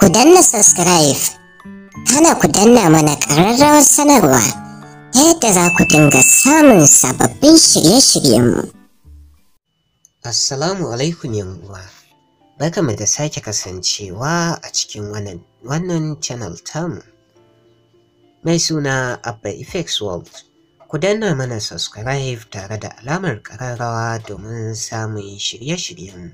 ku danna subscribe hana ku danna mana ƙararrawar sanarwa ta yadda za ku dinga samun sababbin shirye-shiryenmu. Assalamu alaikum uwa. barkamu da sake kasancewa a cikin wannan wannan channel tamu mai suna Abba Effects World. Ku danna mana subscribe tare da alamar ƙararrawa domin samun shirye-shiryenmu.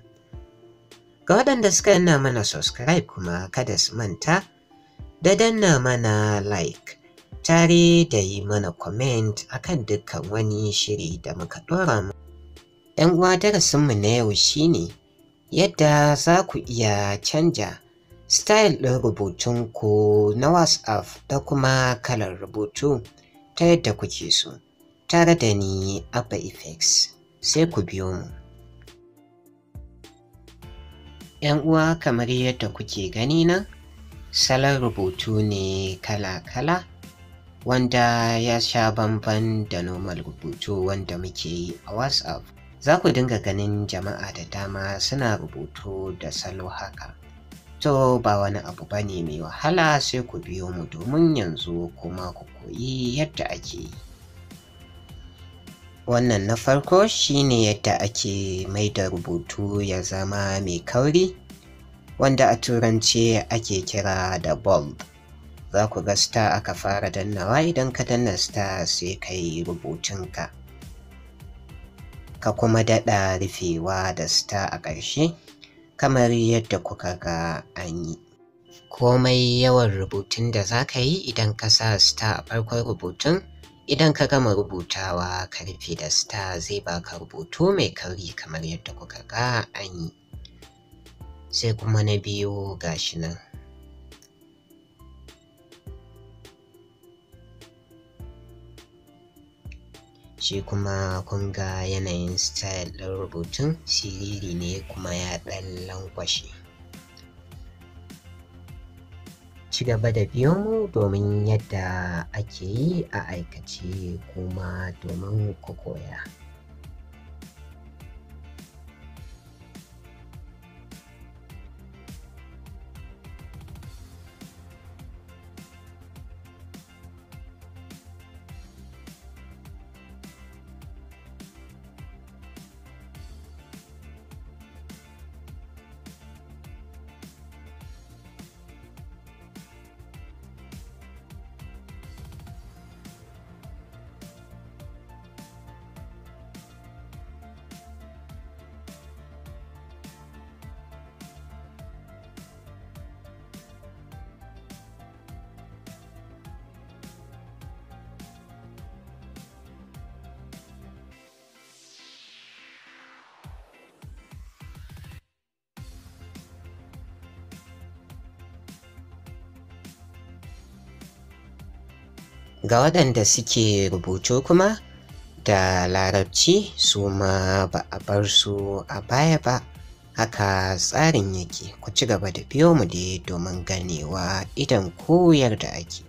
Ga waɗanda suka danna mana subscribe kuma kada su manta da danna mana like tare da yi mana comment akan dukkan wani shiri da muka ɗora mu. ‘Yan uwa darasinmu na yau shi ne. yadda za ku iya canja style ɗin rubutun ku na WhatsApp da kuma kalar rubutu ta yadda kuke so tare da ni Abba Effects sai ku biyo mu. 'yan uwa kamar yadda kuke gani nan salon rubutu ne kala-kala wanda ya sha bamban da normal rubutu wanda muke yi a whatsapp za ku dinga ganin jama'a da dama suna rubutu da salo haka to ba wani abu ba ne mai wahala sai ku biyo mu domin yanzu kuma ku koyi yadda ake yi wannan na farko shine yadda ake mai da rubutu ya zama mai kauri wanda a turance ake kira da bulb za ku ga star aka fara dannawa idan ka danna star sai ka yi rubutunka ka kuma daɗa rufewa da star a ƙarshe kamar yadda kuka ga an yi komai yawan rubutun da za ka yi idan ka sa star a farkon rubutun Idan ka gama rubutawa ka rufe da star zai baka rubutu mai kauri kamar yadda kuka ga an yi. Sai kuma na biyu gashi nan. Shi kuma kun ga yanayin style ɗin rubutun siriri ne kuma ya ɗan lankwashe. ci gaba da biyo mu domin yadda ake yi a aikace kuma domin ku koya. ga waɗanda suke rubutu kuma da larabci su ma ba a bar su a baya ba haka tsarin yake ku ci gaba da biyo mu dai domin ganewa idan koyar da ake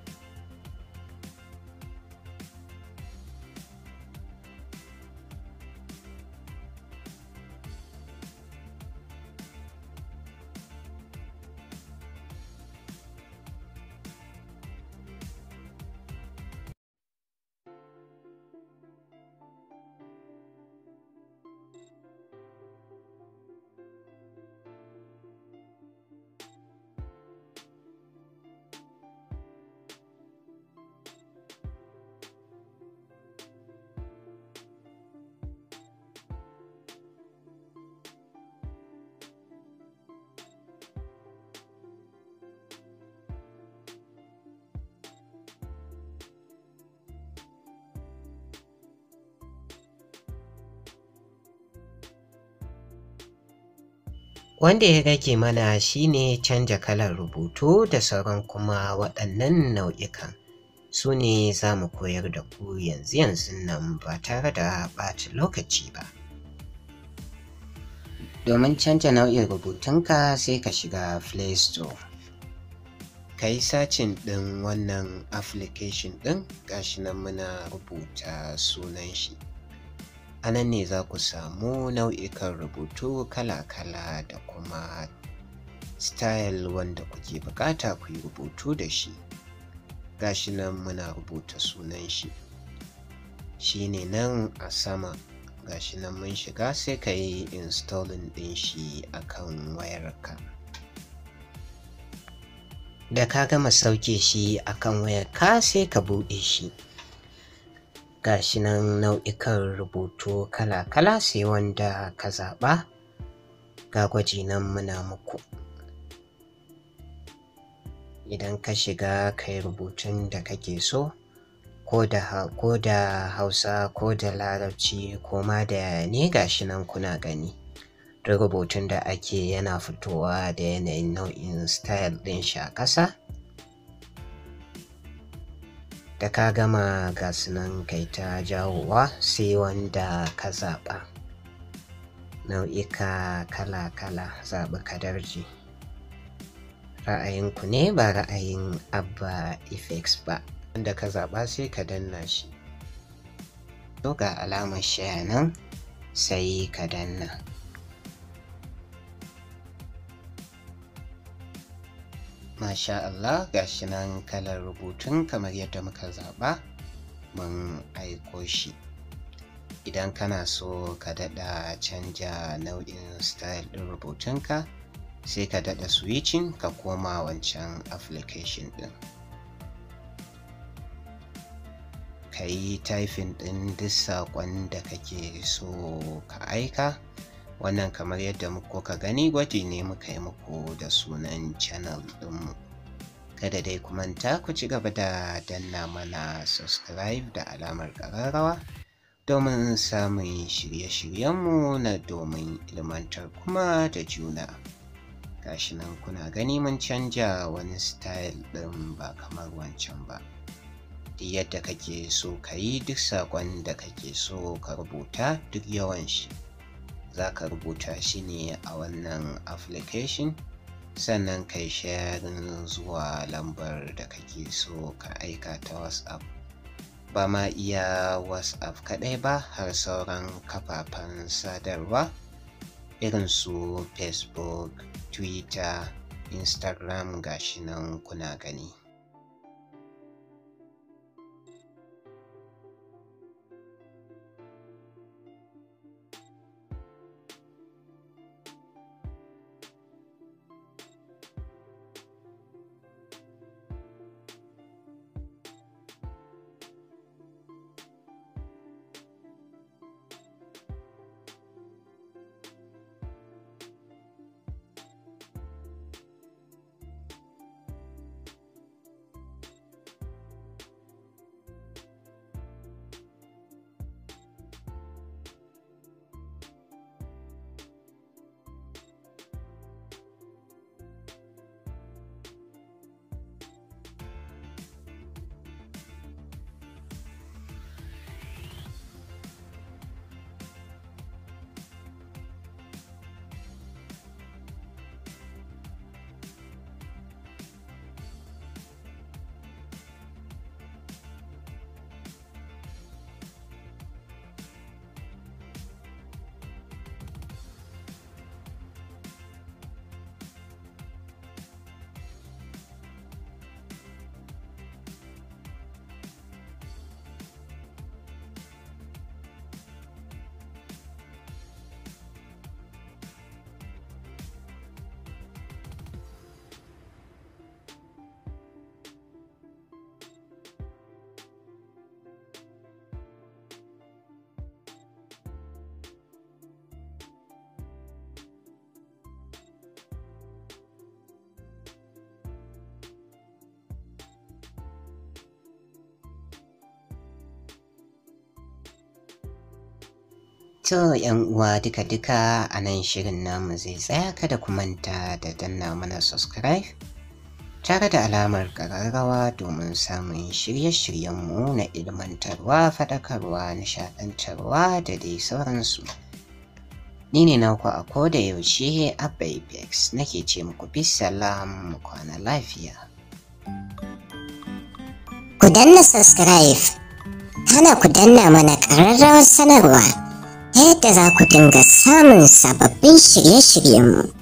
wanda ya rage mana shine canja kalan rubutu da sauran kuma waɗannan nau'ikan su ne za mu koyar da ku yanzu yanzu nan ba tare da ɓata lokaci ba domin canja nau'in rubutunka sai ka shiga play store ka yi sacin ɗin wannan application ɗin gashi nan muna rubuta sunan shi a nan ne za ku samu nau'ikan rubutu kala-kala da kuma style wanda kuke bukata ku yi rubutu da shi gashi nan muna rubuta sunan shi shi ne nan a sama gashi nan mun shiga sai ka yi installing din shi akan wayarka da ka gama sauke shi akan wayarka sai ka buɗe shi gashi nan nau'ikan rubutu kala-kala sai wanda ka zaɓa ga gwaji nan muna muku idan ka shiga ka yi rubutun da kake so ko da hausa ko da larabci ko ma da ne gashi nan kuna gani rubutun da ake yana fitowa da yanayin nau'in style ɗin shi a ƙasa da ka gama gasunan kai ta jawowa sai wanda ka zaɓa nau'ika kala-kala zaɓi kadarji ra'ayinku ne ba ra'ayin abba effects ba wanda ka zaɓa sai ka danna shi to ga alamar shaya nan sai ka danna masha Allah gashi nan kalar rubutun kamar yadda muka zaɓa mun aiko shi idan kana so ka dada canja nau'in style ɗin rubutunka sai ka dada switching ka koma wancan application ɗin ka yi typing ɗin duk saƙon da kake so ka aika wannan kamar yadda kuka gani gwaji ne muka yi muku da sunan channel ɗinmu kada dai ku manta ku ci gaba da danna mana subscribe da alamar ƙararrawa domin samun shirye-shiryenmu na domin ilmantar kuma da juna gashi nan kuna gani mun canja wani style din ba kamar wancan ba duk yadda kake so ka yi duk saƙon da kake so ka rubuta duk yawan shi za ka rubuta shi ne a wannan application sannan kai sharing zuwa lambar da kake so ka aika ta whatsapp ba ma iya whatsapp kaɗai ba har sauran kafafen sadarwa irin su facebook twitter instagram gashi nan kuna gani To yan uwa duka-duka a nan shirin namu zai tsaya kada ku manta da danna mana subscribe tare da alamar ƙararrawa domin samun shirye-shiryenmu na ilmantarwa, faɗakarwa, nishaɗantarwa da dai sauransu. Ni ne naku a ko da yaushe Abba Apex nake ce muku salam mu kwana lafiya. Ku danna subscribe, hana ku danna mana ƙararrawar sanarwa. yadda za ku dinga samun sababbin shirye-shiryenmu